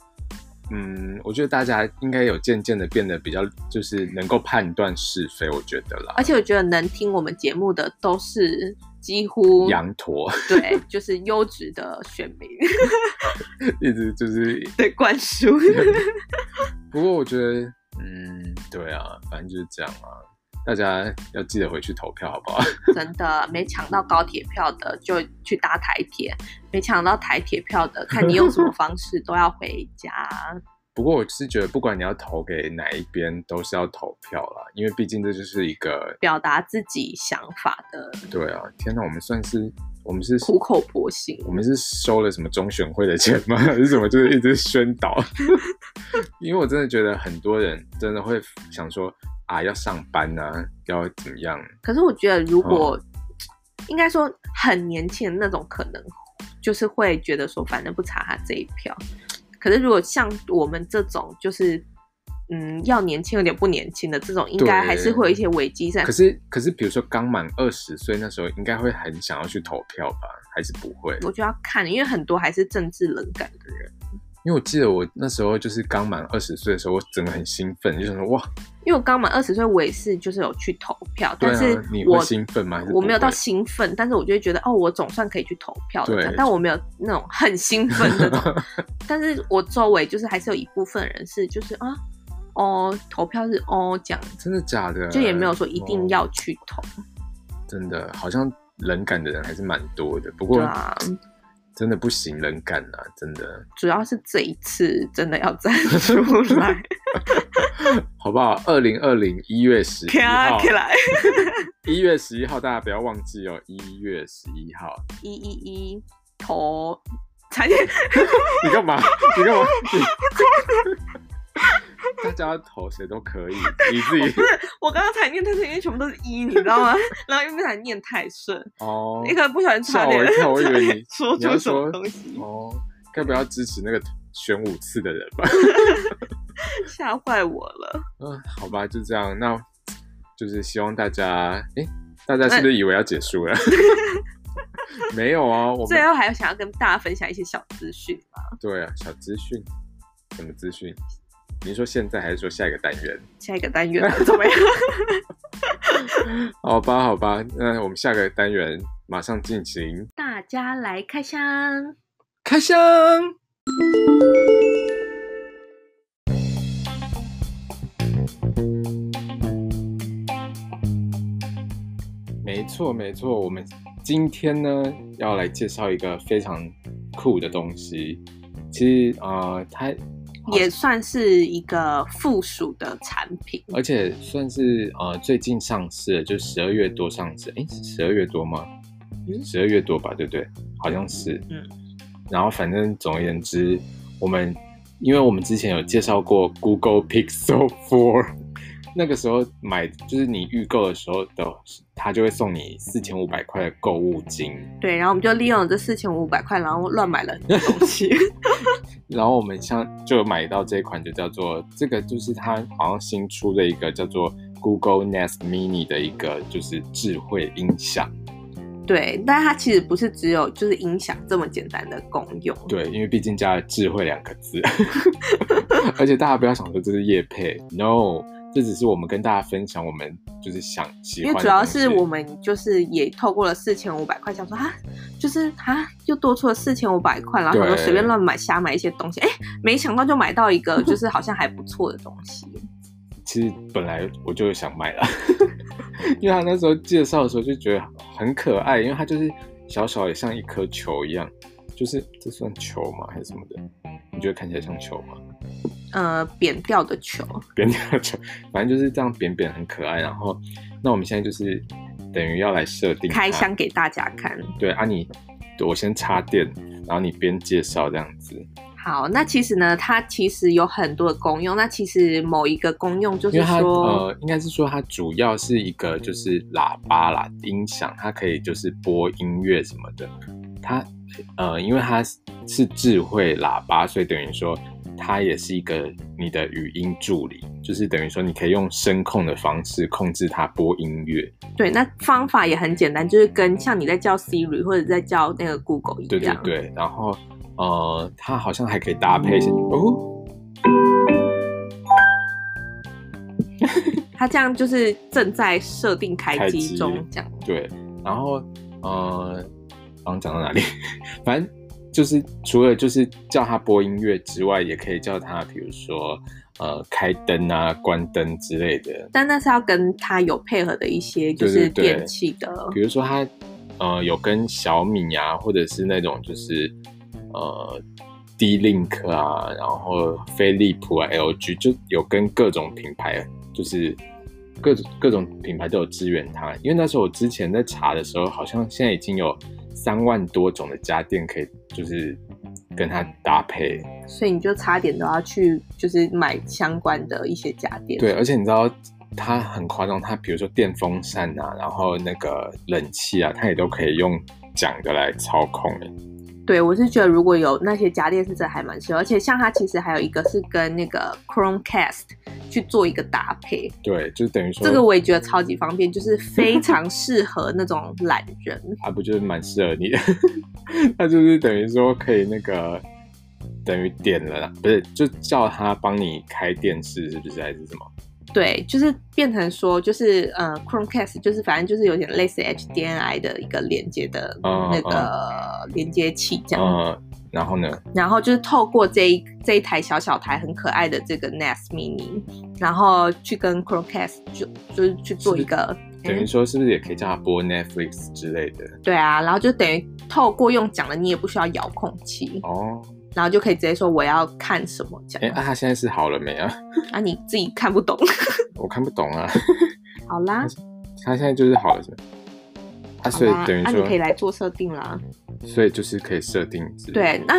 嗯，我覺得大家應該有漸漸的變得比較就是能夠判斷是非，我覺得啦。而且我覺得能聽我們節目的都是幾乎羊駝，對，就是優質的選民， 一直就是對灌輸。不過我覺得，嗯，對啊，反正就是這樣啊。大家要記得回去投票，好不好？真的，沒搶到高鐵票的就去搭台鐵，沒搶到台鐵票的，看你用什麼方式 都要回家。不過我是覺得，不管你要投給哪一邊，都是要投票啦，因為畢竟這就是一個表達自己想法的。對啊，天哪，我們算是我們是苦口婆心，我們是收了什麼中選會的錢嗎？ 是什麼？就是一直宣導， 因為我真的覺得很多人真的會想說。啊，要上班啊，要怎麼樣？可是我覺得，如果、哦、應該說很年輕的那種，可能就是會覺得說，反正不差他這一票。可是如果像我們這種，就是嗯，要年輕有點不年輕的這種，應該還是會有一些危機在。可是，可是，比如說剛滿二十歲那時候，應該會很想要去投票吧？還是不會？我就要看，因為很多還是政治冷感的人。因為我記得我那時候就是剛滿二十歲的時候，我真的很興奮，就想、是、說哇！因為我剛滿二十歲，我也是就是有去投票，啊、但是我你興奮嗎？我沒有到興奮，但是我就會覺得哦，我總算可以去投票了。但我沒有那種很興奮那種。 但是我周圍就是還是有一部分人是就是啊，哦，投票是哦講真的假的、啊，就也沒有說一定要去投。哦、真的，好像冷感的人還是蠻多的，不過。真的不行，人幹啊，真的。主要是這一次真的要站出來， 好不好？二零二零一月十一號，一 月十一號，大家不要忘記哦，一月十一號，一一一頭， 你幹嘛？你幹嘛？ 大家投誰都可以， 你自己不是我剛剛才念太順，因為全部都是一、E，你知道嗎？ 然後又沒才念太順哦，你可能不喜歡嚇我一跳，我以為你說出什麼東西要哦，該不要支持那個選五次的人吧？嚇 壞我了。嗯，好吧，就這樣。那就是希望大家、欸、大家是不是以為要結束了？欸、 沒有啊，我最後還要想要跟大家分享一些小資訊吧。對啊，小資訊，什麼資訊？你說現在還是說下一個單元？下一個單元怎麼樣？ 好吧，好吧，那我們下個單元馬上進行。大家來開箱，開箱。沒錯，沒錯，我們今天呢要來介紹一個非常酷的東西。其實啊，呃，它。也算是一個附屬的產品，而且算是呃最近上市了，就十二月多上市，哎，十二月多嗎？十二月多吧，對不對？好像是，嗯。然後反正總而言之，我們因為我們之前有介紹過 Google Pixel 4。那個時候買就是你預購的時候的，他就會送你四千五百塊的購物金。對，然後我們就利用了這四千五百塊，然後亂買了東西。 然後我們像就買到這一款，就叫做這個，就是它好像新出的一個叫做 Google Nest Mini 的一個就是智慧音響。對，但它其實不是只有就是音響這麼簡單的功用。對，因為畢竟加了智慧兩個字， 而且大家不要想說這是業配，No。這只是我們跟大家分享，我們就是想喜歡的，因為主要是我們就是也透過了四千五百塊想說啊，就是啊，又多出了四千五百塊，然後很多隨便亂買，對對對對，瞎買一些東西，哎、欸，沒想到就買到一個，就是好像還不錯的東西。 其實本來我就想買了， 因為他那時候介紹的時候就覺得很可愛，因為他就是小小也像一顆球一樣，就是這算球嗎？還是什麼的？你覺得看起來像球嗎？呃，扁掉的球，扁掉的球，反正就是這樣扁扁，很可愛。然後，那我們現在就是等於要來設定，開箱給大家看。對啊你，你我先插電，然後你邊介紹這樣子。好，那其實呢，它其實有很多的功用。那其實某一個功用就是說，因為呃，應該是說它主要是一個就是喇叭啦，音響，它可以就是播音樂什麼的。它呃，因為它是智慧喇叭，所以等於說。它也是一個你的語音助理，就是等於說你可以用聲控的方式控制它播音樂。對，那方法也很簡單，就是跟像你在叫 Siri 或者在叫那個 Google 一樣。對對對，然後呃，它好像還可以搭配一些、嗯、哦。 它這樣就是正在設定開機中，機這樣。對，然後呃，剛剛講到哪裡？反正。就是除了就是叫它播音樂之外，也可以叫它，比如說呃開燈啊、關燈之類的。但那是要跟它有配合的一些就是電器的。對對對。比如說它呃有跟小米啊，或者是那種就是呃 D-Link 啊，然後飛利浦啊、LG 就有跟各種品牌，就是各各種品牌都有支援它。因為那時候我之前在查的時候，好像現在已經有。三萬多種的家電可以就是跟它搭配，所以你就差點都要去就是買相關的一些家電。對，而且你知道它很誇張，它比如說電風扇啊，然後那個冷氣啊，它也都可以用講的來操控。對，我是覺得如果有那些家電是真還蠻喜歡，而且像它其實還有一個是跟那個 Chromecast。去做一個搭配，對，就是等於說這個我也覺得超級方便，就是非常適合那種懶人。 啊，不就是蠻適合你的？ 他就是等於說可以那個等於點了，不是就叫他幫你開電視，是不是還是什麼？對，就是變成說就是呃 Chromecast，就是反正就是有點類似 HDMI 的一個連接的那個連接器這樣。嗯嗯嗯。然後呢？然後就是透過這一這一台小小台很可愛的這個 Nest Mini，然後去跟 Chromecast 就就是去做一個，等於說是不是也可以叫它播 Netflix 之類的？對啊，然後就等於透過用講了，你也不需要遙控器哦，然後就可以直接說我要看什麼講。哎，啊，他現在是好了沒啊？ 啊，你自己看不懂？ 我看不懂啊。 好啦，他，他現在就是好了。啊、所以等於、啊、你可以來做設定啦，所以就是可以設定。對，那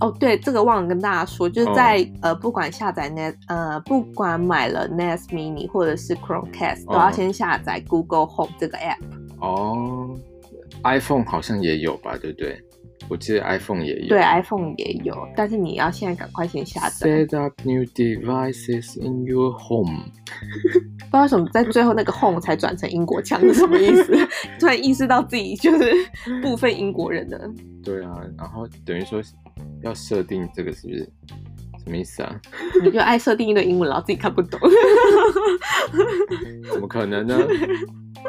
哦對，這個忘了跟大家說，就是在、哦、呃不管下載 Nest 呃不管買了 Nest Mini 或者是 Chromecast，、哦、都要先下載 Google Home 這個 app。哦，iPhone 好像也有吧，對不對？我記得 iPhone 也有，對 iPhone 也有，但是你要現在趕快先下載。Set up new devices in your home。不知道為什麼在最後那個 home 才轉成英國腔是什麼意思？ 突然意識到自己就是部分英國人的。對啊，然後等於說要設定這個是不是？什麼意思啊？你就愛設定一個英文，然後自己看不懂。 okay, 怎麼可能呢？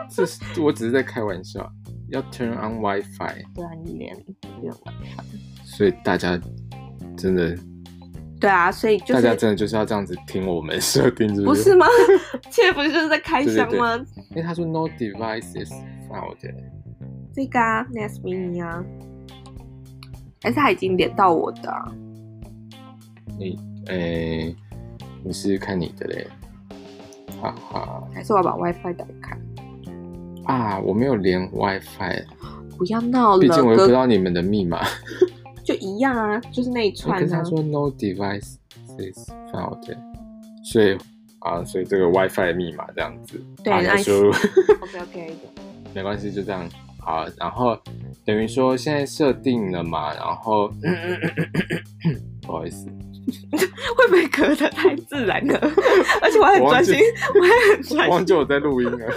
是我只是在開玩笑。要 turn on Wi-Fi，不然、啊、你連不 Wi-Fi。所以大家真的，對啊，所以、就是、大家真的就是要這樣子聽我們設定，不是嗎？ 現在不是，就是在開箱嗎？因為、欸、他說 no devices，那我覺得這個 Nest Mini 啊，還是他已經連到我的、啊。你，哎、欸，你試試看你的嘞，哈哈，還是我要把 Wi-Fi 打開。啊，我沒有連 WiFi，不要鬧了，畢竟我又不知道你們的密碼，哥哥 就一樣啊，就是那一串、啊，跟、欸、他說、啊、No device is found，對，所以啊，所以這個 WiFi 密碼這樣子，對，就、啊、should... OK OK，、yeah. 沒關係，就這樣，好，然後等於說現在設定了嘛，然後， 不好意思。 會不會咳的太自然了？而且我很專心我，我還很專心……我忘記我在錄音了。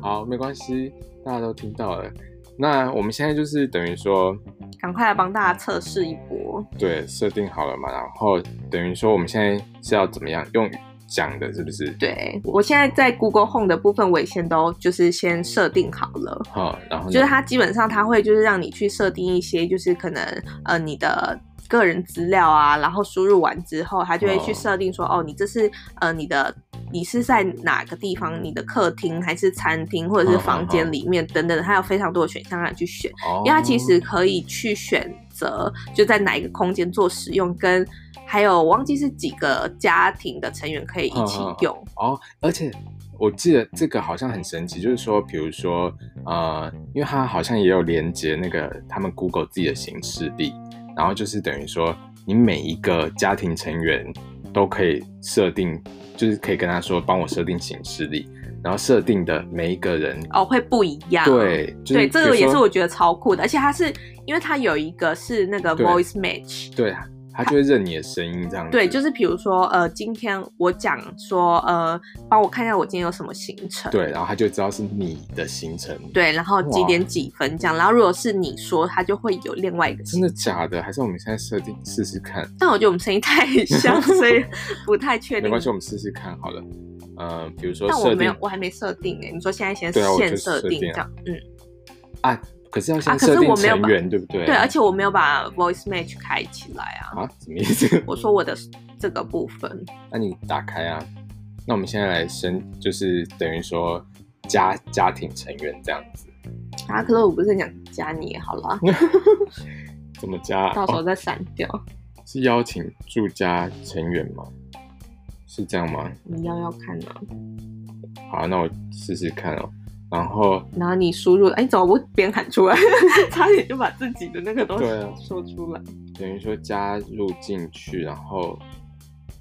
好，沒關係，大家都聽到了。那我們現在就是等於說，趕快來幫大家測試一波。對，設定好了嘛？然後等於說我們現在是要怎麼樣用講的，是不是？對我現在在 Google Home 的部分，我也先都就是先設定好了。好、嗯，然後就是它基本上它會就是讓你去設定一些，就是可能呃你的。個人資料啊，然後輸入完之後，他就會去設定說，oh. 哦，你這是呃，你的你是在哪個地方？你的客廳還是餐廳，或者是房間裡面 oh, oh, oh. 等等，它有非常多的選項讓你去選，oh. 因為它其實可以去選擇就在哪一個空間做使用，跟還有我忘記是幾個家庭的成員可以一起用哦。Oh, oh. Oh. 而且我記得這個好像很神奇，就是說，比如說呃，因為它好像也有連接那個他們 Google 自己的行事曆。然後就是等於說，你每一個家庭成員都可以設定，就是可以跟他說，幫我設定行事曆。然後設定的每一個人哦會不一樣。對、就是，對，這個也是我覺得超酷的，嗯、而且它是因為它有一個是那個 voice match，對。對啊他就會認你的聲音這樣子。啊、對，就是比如說，呃，今天我講說，呃，幫我看一下我今天有什麼行程。對，然後他就知道是你的行程。對，然後幾點幾分這樣。然後如果是你說，他就會有另外一個。真的假的？還是我們現在設定試試看？但我覺得我們聲音太像，所以不太確定。 沒關係，我們試試看好了。呃，比如說，但我沒有，我還沒設定哎。你說現在先設、啊，設定這樣。啊、嗯。哎、啊。可是要先設定成員，啊、可是我沒有把對不對、啊？對，而且我沒有把 Voice Match 開起來啊。啊，什麼意思？我說我的這個部分。 那你打開啊。那我們現在來升，就是等於說加家，家庭成員這樣子。啊，可是我不是很想加你。好了， 怎麼加？到時候再刪掉、哦。是邀請住家成員嗎？是這樣嗎？你要不要看呢？啊。好、啊，那我試試看哦。然後然後你輸入，哎、欸，怎麼我邊喊出來， 差點就把自己的那個東西說出來。啊、等於說加入進去，然後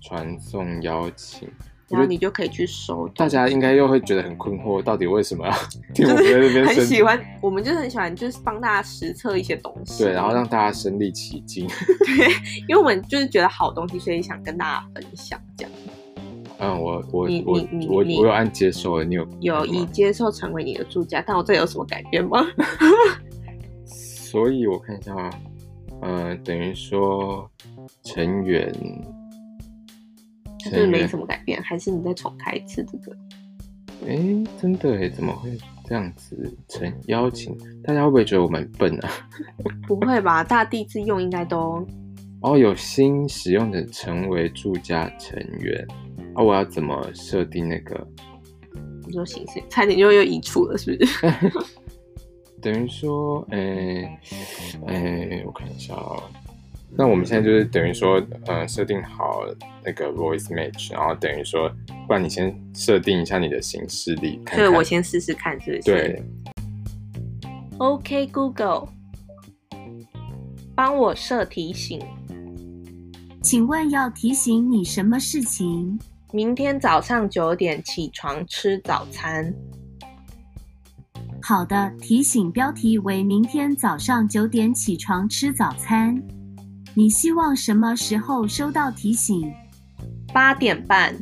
傳送邀請，然後你就可以去收、就是。大家應該又會覺得很困惑，到底為什麼要我？就是、很喜歡，我們就是很喜歡，就是幫大家實測一些東西，對，然後讓大家身歷其境。 對，因為我們就是覺得好東西，所以想跟大家分享這樣。嗯，我我我我我有按接受了，你有有已接受成為你的住家，但我這有什麼改變嗎？ 所以我看一下，啊，嗯，等於說成員，這沒什麼改變，還是你再重開一次這個？哎、欸，真的哎，怎麼會這樣子成？成邀請大家會不會覺得我蠻笨啊？ 不會吧，大家第一次用應該都哦，有新使用者成為住家成員。啊，我要怎麼設定那個？我說形式，差點就又移出了，是不是？ 等於說，哎、欸，哎、欸，我看一下哦。那我們現在就是等於說，呃，設定好那個 voice match，然後等於說，不然你先設定一下你的形式看看，對，我先試試看，是不是？對。OK，Google，okay, 幫我設提醒。請問要提醒你什麼事情？明天早上九點起床吃早餐。好的，提醒標題為“明天早上九點起床吃早餐”。你希望什麼時候收到提醒？八點半。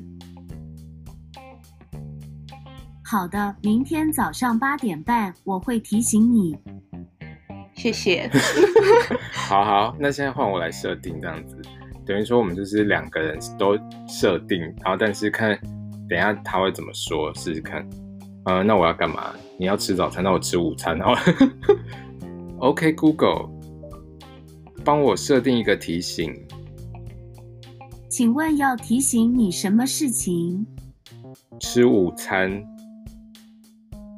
好的，明天早上八點半我會提醒你。謝謝。 好好，那現在換我來設定這樣子。等於說我們就是兩個人都設定，然後但是看等下他會怎麼說，試試看。呃、嗯，那我要幹嘛？你要吃早餐，那我吃午餐哦。 OK，Google，、okay, 幫我設定一個提醒。請問要提醒你什麼事情？吃午餐。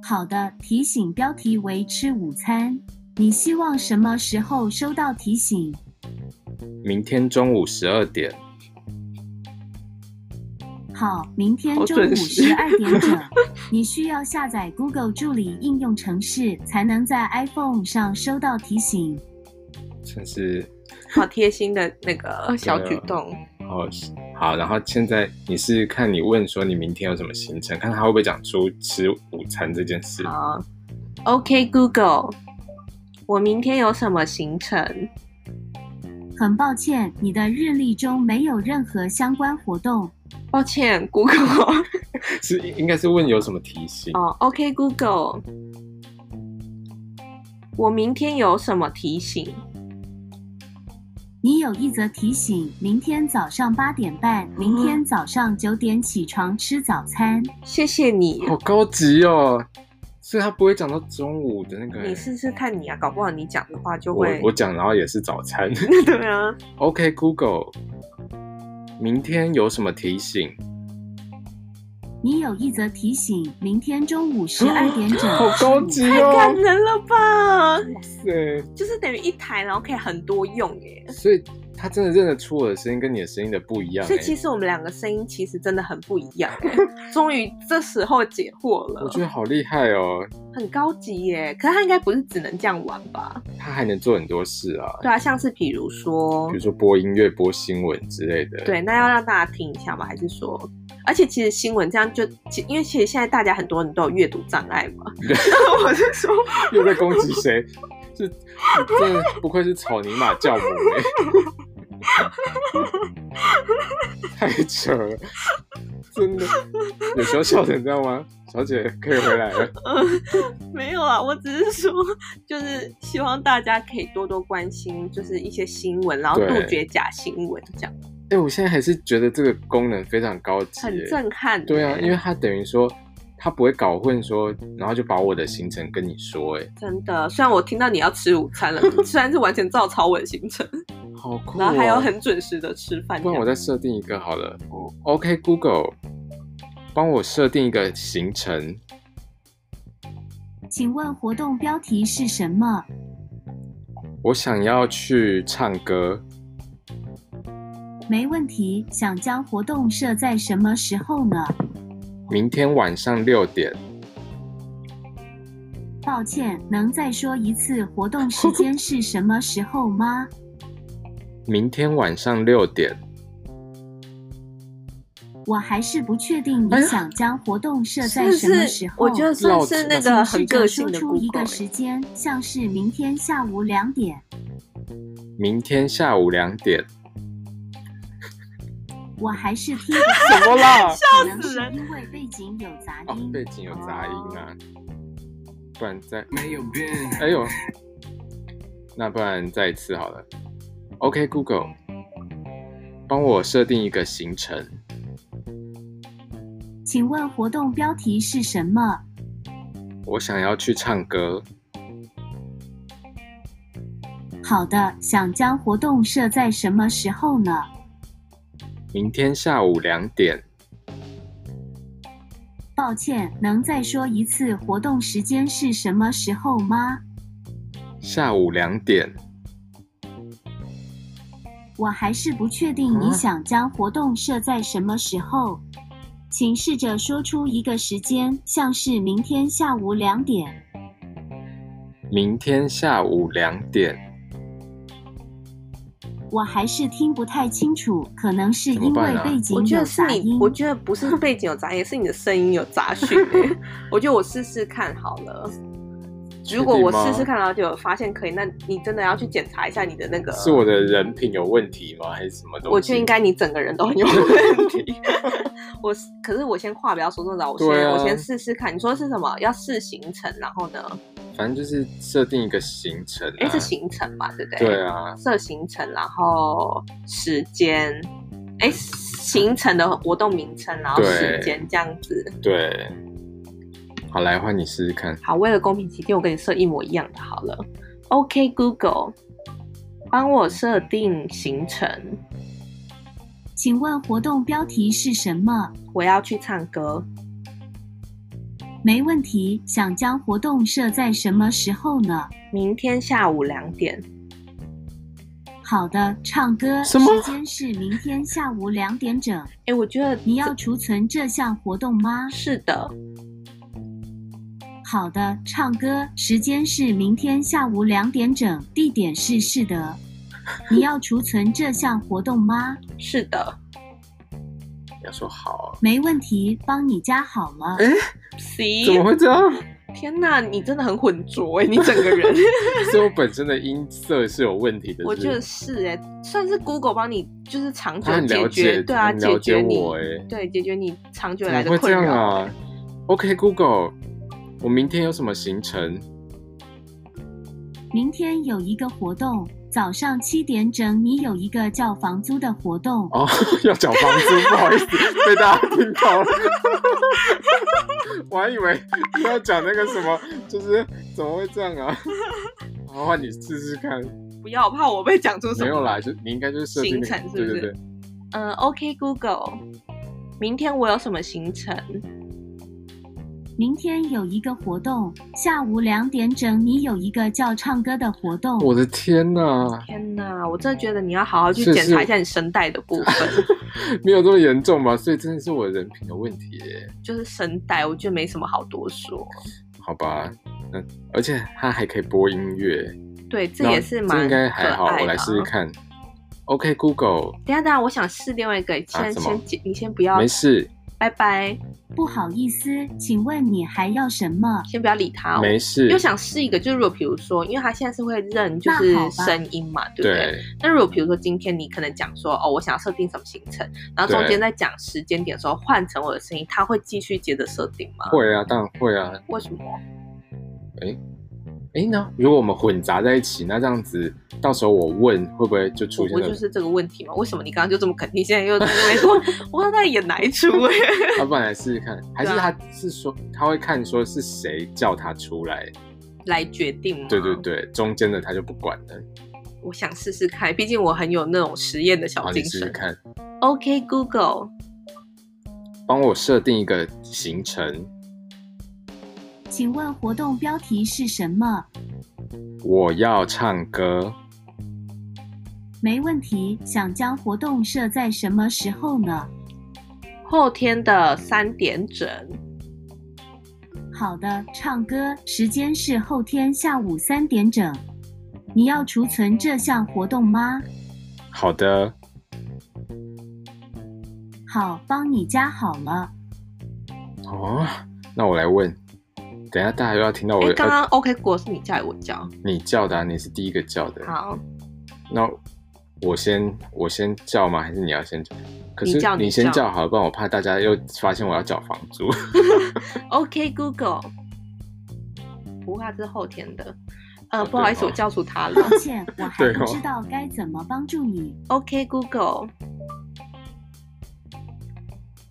好的，提醒標題為“吃午餐”。你希望什麼時候收到提醒？明天中午十二點。好，明天中午十二點整。 你需要下載 Google 助理應用程式，才能在 iPhone 上收到提醒。真是好貼心的那個小舉動。哦、 啊，oh, 好，然後現在你是看你問說你明天有什麼行程，看他會不會講出吃午餐這件事。好、uh,，OK Google，我明天有什麼行程？很抱歉，你的日曆中沒有任何相關活動。抱歉，Google， 應該是問有什麼提醒哦。Oh, OK，Google，okay，我明天有什麼提醒？你有一則提醒，明天早上八點半，嗯，明天早上九點起床吃早餐。謝謝你，好高級哦。所以他不會講到中午的那個、欸。你試試看你啊，搞不好你講的話就會。我講，我講然後也是早餐。 對啊。OK Google，明天有什麼提醒？你有一則提醒，明天中午十二點整、哦。好高級哦！太感人了吧！對、oh,。就是等於一台，然後可以很多用耶。所以。他真的認得出我的聲音跟你的聲音的不一樣、欸，所以其實我們兩個聲音其實真的很不一樣、欸。終 於這時候解惑了，我覺得好厲害哦、喔，很高級耶、欸！可是他應該不是只能這樣玩吧？他還能做很多事啊、欸。對啊，像是比如說，比如說播音樂、播新聞之類的。對，那要讓大家聽一下嗎？還是說，而且其實新聞這樣就，因為其實現在大家很多人都有閱讀障礙嘛。 我是說， 又在攻擊誰？這真的不愧是草泥馬教父。 太扯了，真的，有需要笑成這樣嗎？小姐可以回來了。呃、沒有啊，我只是說，就是希望大家可以多多關心，就是一些新聞，然後杜絕假新聞這樣。哎，我現在還是覺得這個功能非常高級、欸，很震撼、欸。對啊，因為它等於說，它不會搞混說，然後就把我的行程跟你說、欸。哎，真的，雖然我聽到你要吃午餐了，雖然是完全照抄我的行程。好酷哦，然後還要很準時的吃飯。那我再設定一個好了。OK Google，幫我設定一個行程。請問活動標題是什麼？我想要去唱歌。沒問題，想將活動設在什麼時候呢？明天晚上六點。抱歉，能再說一次活動時間是什麼時候嗎？ 明天晚上六點。我還是不確定你想將活動設在什麼時候。就、欸、是，是，是那個很個性的，輸出一個時間，像是明天下午兩點。明天下午兩點。我還是聽。怎麼了？可能是因為背景有雜音。哦、背景有雜音啊、哦！不然再。沒有變。哎呦， 那不然再一次好了。OK，Google，、okay, 幫我設定一個行程。請問活動標題是什麼？我想要去唱歌。好的，想將活動設在什麼時候呢？明天下午兩點。抱歉，能再說一次活動時間是什麼時候嗎？下午兩點。我還是不確定你想將活動設在什麼時候，嗯、請試着說出一個時間，像是明天下午兩點。明天下午兩點。我還是聽不太清楚，可能是因為背景有雜音。啊、我，覺我覺得不是背景有雜音， 是你的聲音有雜訊。 我就我試試看好了。如果我試試看，然後就發現可以，那你真的要去檢查一下你的那個。是我的人品有問題嗎，還是什麼東西？我就應該你整個人都很有問題 我。我可是我先話不要說這麼早，我先、啊、我先試試看。你說是什麼？要試行程，然後呢？反正就是設定一個行程，啊、哎、欸，是行程嘛，對不對？對啊，設行程，然後時間，哎、欸，行程的活動名稱，然後時間這樣子，對。對好，來換你試試看。好，為了公平起見，我跟你設一模一樣的好了。OK，Google，、okay，幫我設定行程。請問活動標題是什麼？我要去唱歌。沒問題，想將活動設在什麼時候呢？明天下午兩點。好的，唱歌時間是明天下午兩點整。哎、欸，我覺得你要儲存這項活動嗎？是的。好的，唱歌時間是明天下午兩點整，地點是是的。你要儲存這項活動嗎？是的。要說好、啊，沒問題，幫你加好嗎？哎、欸，See? 怎麼會這樣？天吶、啊，你真的很渾濁哎，你整個人。 是我本身的音色是有問題的是不是？我覺得是哎、欸，算是 Google 幫你就是長久解決，啊了解對啊，了解，解決你哎、欸，對，解決你長久來的困擾。怎麼會這樣啊？OK，Google。Okay, 我明天有什麼行程？明天有一個活動，早上七點整，你有一個交房租的活動。哦，要交房租，不好意思， 被大家聽到了。 我還以為要講那個什麼，就是怎麼會這樣啊？麻煩你試試看，不要怕我被講出什麼來，就你應該就是行程，那個、行程是不是？嗯對對對、呃、OK，Google，OK，明天我有什麼行程？明天有一個活動，下午兩點整，你有一個叫唱歌的活動。我的天哪！天哪，我真的覺得你要好好去檢查一下你聲帶的部分。 沒有這麼嚴重吧？所以真的是我的人品的問題耶。就是聲帶，我覺得沒什麼好多說。好吧，嗯，而且它還可以播音樂。對，這也是蠻，這應該還好、啊。我來試試看。OK，Google、okay。等等，我想試另外一個。先、啊、先，你先不要，沒事。拜拜，不好意思，請問你還要什麼？先不要理他哦，沒事。又想試一個，就是如果比如說，因為他現在是會認就是聲音嘛，對不對，對？那如果比如說今天你可能講說哦，我想要設定什麼行程，然後中間在講時間點的時候換成我的聲音，他會繼續接着設定嗎？會啊，當然會啊。為什麼？誒。哎，那如果我們混雜在一起，那這樣子到時候我問會不會就出現？我就是這個問題嘛，為什麼你剛剛就這麼肯定，現在又在那邊 我他演哪一出，欸？他、啊、不來試試看，還是他是說、啊、他會看說是誰叫他出來來決定嗎？對對對，中間的他就不管了。我想試試看，畢竟我很有那種實驗的小精神。啊、試試 OK Google，幫我設定一個行程。請問活動標題是什麼？我要唱歌。沒問題，想將活動設在什麼時候呢？後天的三點整。好的，唱歌時間是後天下午三點整。你要儲存這項活動嗎？好的。好，幫你加好了。哦，那我來問。等下，大家又要聽到我剛剛、欸、OK 果，是你叫，我叫，你叫的，啊，你是第一個叫的。好，那我先我先叫嗎？還是你要先叫？可是你先叫，你叫，你叫，先叫好了，不然我怕大家又發現我要繳房租。嗯、 OK Google，不怕，啊、是後天的。呃、啊哦，不好意思，我叫出他了。抱，啊、歉，我還不知道該怎麼幫助你。OK Google，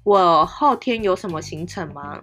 我後天有什麼行程嗎？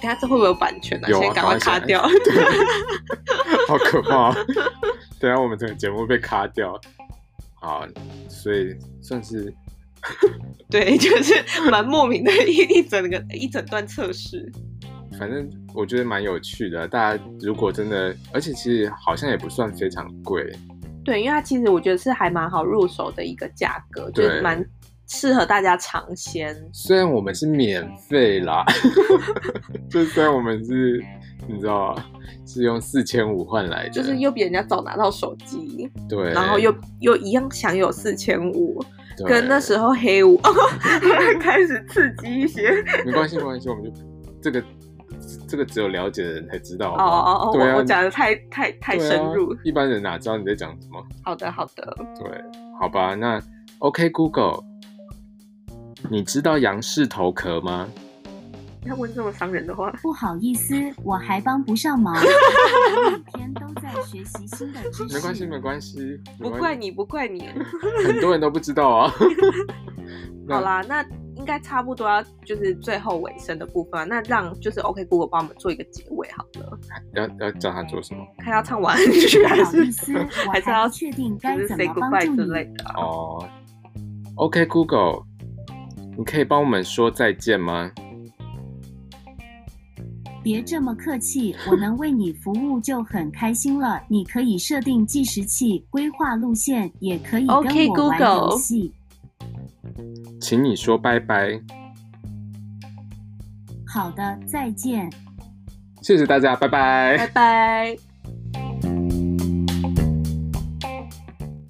等下這會不會有版權呢？先趕、啊、快卡掉。欸、對 好可怕、喔！ 等下我們這個節目被卡掉。好，所以算是對，就是蠻莫名的一 一整個一整段測試。反正我覺得蠻有趣的、啊。大家如果真的，而且其實好像也不算非常貴。對，因為它其實我覺得是還蠻好入手的一個價格，就蠻、是。對適合大家嘗鮮，雖然我們是免費啦，哈 就雖然我們是，你知道啊，是用四千五換來的，就是又比人家早拿到手機，對，然後又又一樣享有四千五，跟那時候黑五、哦、 開始刺激一些。 沒關係，沒關係，我們就這個這個只有了解的人才知道哦哦哦。對啊、我講的太太太深入、對啊，一般人哪知道你在講什麼？好的，好的，對，好吧，那 OK Google。你知道楊氏頭殼嗎？要問這麼傷人的話，不好意思，我還幫不上忙。 每天都在學習新的知識。沒關係，沒關係，不怪你，不怪你。很多人都不知道啊、喔。 好啦，那應該差不多，就是最後尾聲的部分、啊。那讓就是 OK Google 幫我們做一個結尾好了。要要叫他做什麼？Okay. 看他唱完曲還，還，還是要確定該怎麼幫助你之類的？哦、oh，OK Google。你可以幫我們說再見嗎？別這麼客氣， 我能為你服務就很開心了。你可以設定計時器、規劃路線，也可以跟我玩遊戲。Okay, Google. 請你說拜拜。好的，再見。謝謝大家，拜拜，拜拜。